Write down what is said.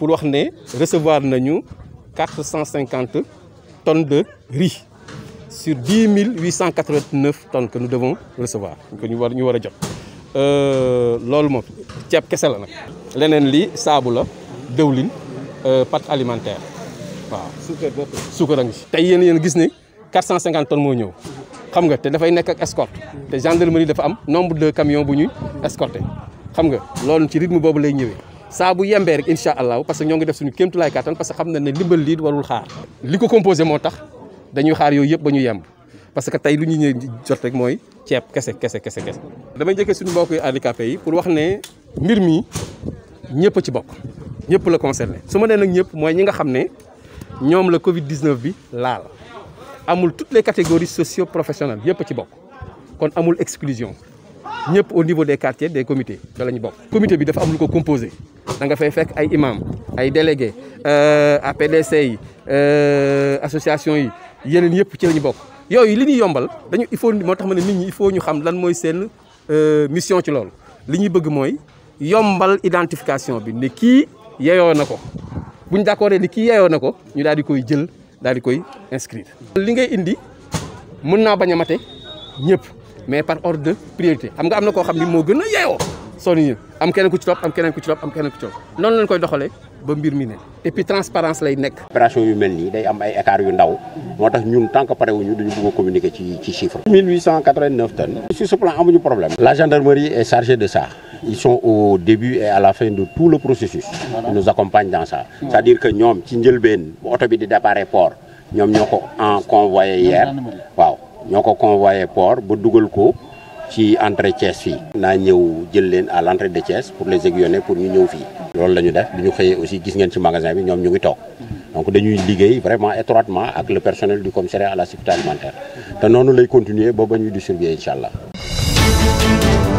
pour nous recevoir 450 tonnes de riz sur 10 889 tonnes que nous devons recevoir. Que nous devons nous recevoir. Euh, c'est ce que c'est. Ce c'est le sable, le pâte alimentaire. Sucre. Sucre. Vous avez vu que 450 tonnes sont venus. Vous savez, il y a une escorte. Les gendarmeries ont un nombre de camions qui sont escortés. Vous savez, c'est ce rythme qui est venu saa bu yembee rek nous parce que nous ngi def suñu parce que nous avons warul parce que ñëw jot rek nous avons suñu nous pour wax que mbir mi ñëpp ci bokk ñëpp la que nous ñëpp ñi nga Nous Covid 19 bi nous toutes les catégories socio professionnelles yëpp exclusion ñëpp au niveau des quartiers des comités da lañu bok comité bi dafa am lu ko composé da nga fay fekk ay imam ay délégué APDC euh, yi euh, association yi yeneen yëpp ci lañu bok bokk yooyu li ñuy yombal dañu il faut moo tax ma nit ñi il faut ñu xam lan mooy seen euh, mission ci lool li ñuy bëgg mooy yombal identification bi ni kii yeyoo na ko bu ñu d'accord ni kii yeyoo na ko ñu daal di koy jël daal di koy inscrire li ngay indi mën naa bañ a mate ñëpp mais par ordre de priorité xam nga amna ko xam ni moo a yeewoo sonni am keneen ku ci top am keneen ku ci top am keneen ku ci top non lañ koy doxalee ba mbir mi et puis transparence lay nekk. opération yu mel nii day am ay écart yu ndaw motax ñun tant que pare wuñu duñu bëgg communiquer ci ci chiffre. 1889 tonnes. sur ce plan amuñu problème. la gendarmerie est chargée de ça. ils sont au début et à la fin de tout le processus. ils nous accompagnent dans ça. c'est-à-dire que ñom ci njëlbeen bu oto bi di déparé port ñom ñoko en convoyé hier ñoo ko convoyé port ba dugal ko ci entrée Thiès fii. naa ñëw jël leen à l' entrée de Thiès pour les aiguillonner pour ñu ñëw fii. loolu la ñu def bi ñu xëyee aussi gis ngeen ci magasin bi ñoom ñu ngi toog donc dañuy liggéey vraiment étroitement ak le personnel du commissariat à la sécurité alimentaire te noonu lay continuer ba ba ñuy distribuer incha allah.